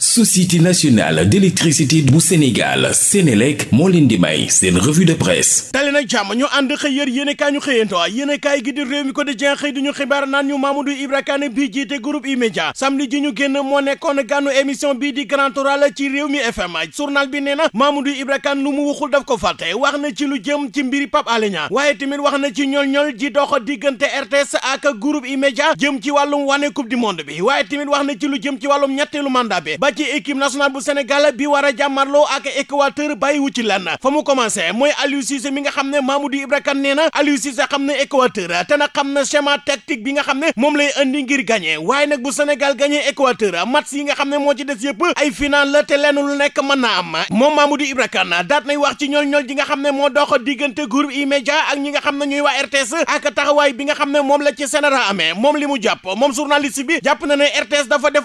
société nationale d'électricité bu Sénégal Sénélec moo leen di may seen revue de presse tali jàmm ñu ànd xëy yër yéenekaay ñu xëyanto yéenekaay gi di réew mi ko di jen xëy di xibaar naa ñu Mamadou Ibra Kane bi jiite groupe E-Media samedi ji ñu génn moo nekkoon gànnu émission bii di Grand Oral ci réew mi FM journal bi nee na Mamadou Ibra Kane lu mu waxul daf ko fàtte wax na ci lu jëm ci mbiri Pape Alé waaye tamit wax na ci ñool-ñool ji dox diggante RTS ak groupe E-Media jëm ci wàllum wane coupe du monde bi waaye wax na ci lu jëm ci wàllum ñetteelu mandat bi ba ci équipe nationale bu Sénégal bi war a jàmmarloo ak Équateur bàyyiwu ci lan fa mu commencé mooy Aliou Cissé mi nga xam ne Mamadou Ibra Kane nee na Aliou Cissé xam ne Équateur te na xam ne schéma tactique bi nga xam ne moom lay andi ngir gagné waaye nag bu Sénégal gagné yi nga xam ne moo ci des yëpp ay final la te lenn lu nekk mën na am moom Mamadou Ibra Kane daat nay wax ci ñool ñool ji nga xam ne moo dox diggante groupe E-Media ak ñi nga xam ne ñuy waa RTS ak taxawaay bi nga xam ne moom la ci Sénégal amee moom li mu jàpp moom na ne RTS dafa def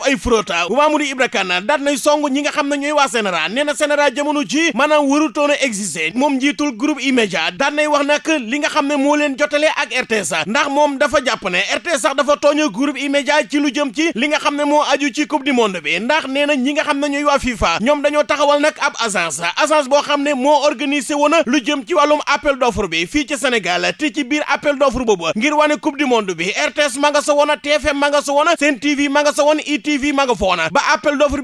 maanaam daat nay song ñi nga xam ne ñooy waa sénéra nee na sénéra jamono ji maanaam warutoon a moom njiitul groupe E-Media daat nay wax nag li nga xam ne moo leen jotalee ak RTS ndax moom dafa jàpp ne sax dafa tooña groupe E-Media ci lu jëm ci li nga xam ne moo aju ci coupe du monde bi ndax nee na ñi nga xam ne ñooy waa FIFA ñoom dañoo taxawal nag ab agence agence boo xam ne moo organisé woon lu jëm ci wàllum appel d'offre bi fii ci Sénégal te ci biir appel d'offre boobu ngir wane coupe du monde ma nga sa woon a ma a Sen TV ma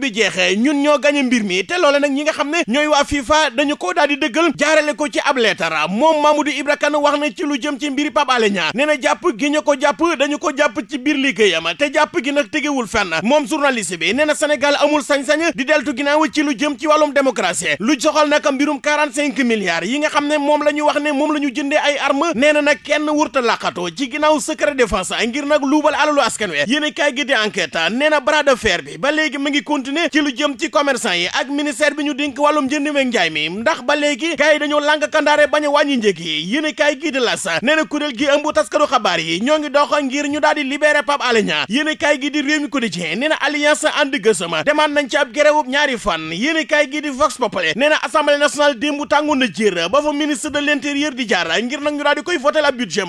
bi jeexee ñun ñoo gañe mbir mi te loole nag ñi nga xam ne ñooy waa FIFA dañu ko daal dëggal jaarale ko ci ab leetara moom Mamadou Ibra Kane wax na ci lu jëm ci mbiri Pape Alé Niang nee na jàpp gi ñu ko jàpp dañu ko jàpp ci e liggéeyam te jàpp gi nag tegewul fenn moom journaliste bi nee na Sénégal amul sañ-sañ di deltu ginnaaw ci lu jëm ci wàllum démocratie lu soxal nag mbirum 45 milliards yi nga xam ne moom la ñu wax ne moom la ñu jëndee ay arme nee n nag kenn ci ginnaaw secret défense ngir nag luubal na bras de fer ne ci lu jëm ci commerçant yi ak ministère bi ñu dink wallu njënd meeg njaay mi ndax ba léegi gars yi dañoo lànk kandaare bañ a wàññi njëg yi yéen kaay gii di las nee na kuréel gi ëmb taskatu xabaar yi ñoo ngi dox ngir ñu daal di libérer Pape Alé Niang yéen kaay gii di réew mi quotidien nee na alliance ànd gësama demaat nañ ci ab grève ñaari fan yéen kaay gii di vox populi nee na assemblée nationale démb tàngoon na jër ba fa ministre de l'intérieur di jaar ngir nag ñu daal di koy voter ab budget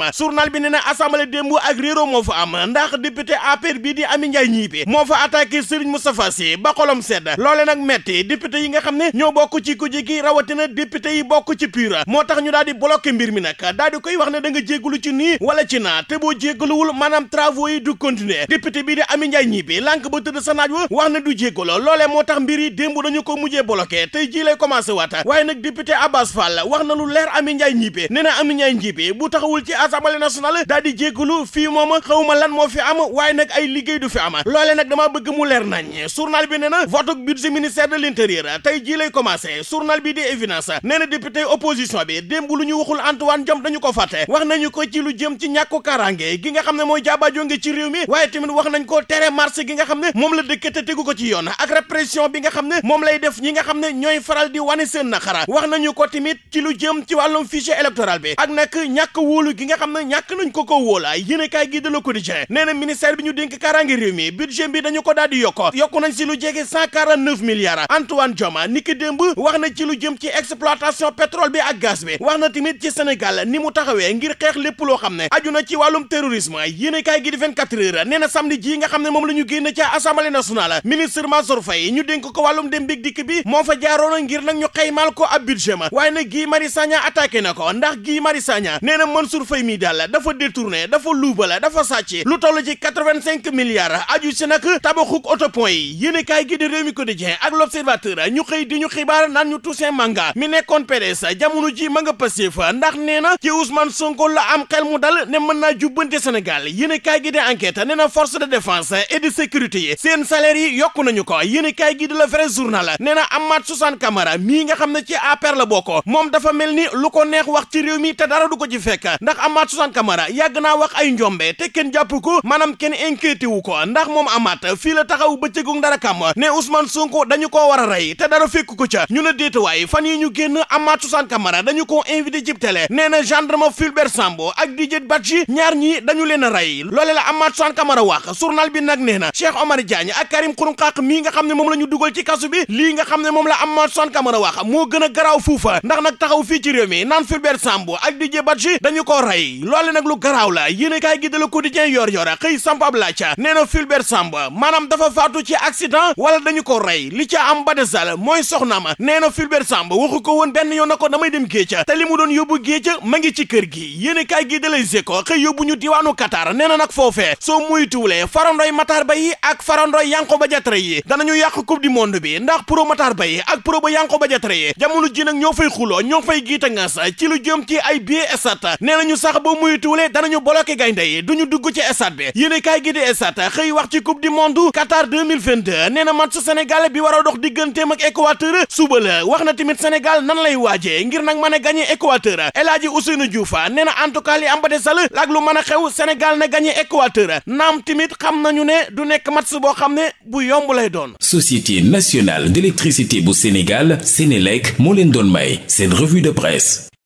bi nee na assemblée démb ak réero ndax député APR bii di Ami Ndiaye ñii moo fa attaqué Serigne ba sedd loole nag metti député yi nga xam ne ñoo bokk ci kujje gi rawatina député yi bokk ci pur moo tax ñu daal di bloqué mbir mi nag daal di koy wax ne da nga jéggalu ci nii wala ci naa te boo jéggaluwul maanaam travaux yi du continuer député bii di Amy Ndiaye Gniby lànk ba tëdd sa naaj wa wax na du jéggalu loole moo tax mbir yi démb dañu ko mujjee bloqué tey jii lay commencé waat waaye nag député Abbas Fall wax na lu leer Amy Ndiaye Gniby nee na Amy Ndiaye Gniby bu taxawul ci assemblée nationale daal di jéggalu fii moom xawma lan moo fi am waaye nag ay liggéey du fi am loolee nag dama bëgg mu leer nañ journal bi nee na vote budget ministère de l'intérieur tey jii lay commencé journal bi di évidence nee na député opposition bi démb lu ñu waxul Antoine Diome dañu ko fàtte wax nañu ko ci lu jëm ci ñàkku kaaraange gi nga xam ne mooy jaabajonge ci réew mi waaye tamit wax nañ ko tere marché gi nga xam ne moom la dëkk te ko ci yoon ak répression bi nga xam ne moom lay def ñi nga xam ne ñooy faral di wane seen naqara wax nañu ko tamit ci lu jëm ci wàllum fichier électoral bi ak nag ñàkk wóolu gi nga xam ne ñàkk nañ ko ko wóola yéen a gi de Le Quotidien nee na ministère bi ñu dénk kaaraange réew mi budget bi dañu ko daal di yokk yokku nañ si lu jege 149 milliards Antoine Diome ni ki wax na ci lu jëm ci exploitation pétrole bi ak gaz bi wax na tamit ci Sénégal ni mu taxawee ngir xeex lépp loo xam ne aju na ci wàllum terrorisme yéene kaay gi di 24 heures nee na samedi ji nga xam ne moom la ñu génn ca assemblée nationale ministre Mansour Faye ñu dénk ko wàllum dem big dikk bi moo fa jaaroon ngir nag ñu xaymaal ko ab budget ma waaye nag Guy Marius Sagna attaqué na ko ndax Guy Marius Sagna nee na Mansour Faye mi daal dafa détourné dafa luubala dafa sàcc lu toll ci 85 milliards aju kaay gi di Rewmi Quotidien ak L'Observateur ñu xëy di ñu xibaar naan ñu Toussaint Manga mi nekkoon PDS jamono ji ma nga Pastef ndax nee na ci Ousmane Sonko la am xel mu dal ne mën naa jubbante Sénégal yéen kaay gi di enquête nee na force de défense et de sécurité yi seen salaire yi yokku nañu ko yéen kaay gi di Le Vrai Journal nee na Amath Suzanne Camara mii nga xam ne ci APR la bokk moom dafa mel ni lu ko neex wax ci réew mi te dara du ko ji fekk ndax Amath Suzanne yàgg naa wax ay njombe kenn jàpp ko maanaam kenn inquiété wu ko ndax moom Amath fii la taxaw bëccëgu dara kam am ne Ousmane Sonko dañu koo war ray rey te dara fekk ko ca ñu ne déetuwaay fan yi ñu génn Amath Suzanne Camara dañu koo invité ci télé nee na gendarme Fulbert Sambo ak Didier Badji ñaar ñi dañu leen a rey loole la Amath Suzanne Camara wax journal bi nag nee na Cheikh Omar Diagne ak Karim Xrum Xax mii nga xam ne moom la ñu dugal ci kasu bi lii nga xam ne moom la Amath Suzanne Camara wax moo gën a garaaw fuufa ndax nag taxaw fii ci réew mi naan Fulbert Sambo ak Didier Badji dañu koo rey loole nag lu garaaw la yéene kaay gi de Le Quotidien yor yor xëy samp ab laaj nee na Fulbert Sambo maanaam dafa faatu ci accident wala dañu ko rey li ca am ba desal mooy soxnaam nee na Fulbert Samb waxu ko benn yoon ko damay dem géej te li doon yóbbu géej ma ngi ci kër gi yéen kaay gi da lay zeko xëy yóbbu ñu diwaanu Qatar nee na nag soo muy tuulee farandoy Matar Ba yi ak farandoy Yankoba Diattara yi danañu yàq coupe du monde bi ndax pro Matar Ba yi ak pro ba Yankoba Diattara yi jamono ji nag ñoo fay xuloo ñoo fay giita ngas ci lu ci ay biee esat nee nañu sax nee na match bi war a dox digganteem ak Équateur suba la wax na tamit Sénégal nan lay waajee ngir nag mën a gagné Équateur El Hadji Ousseynou Diouf nee na en tout cas li am ba desal laak lu mën a xew senegal na gagné Équateur naam tamit xam nañu ne du nekk match boo xam ne bu yomb lay doon. Société nationale d'électricité bu Sénégal Sénélec moo leen doon may seen revue de presse.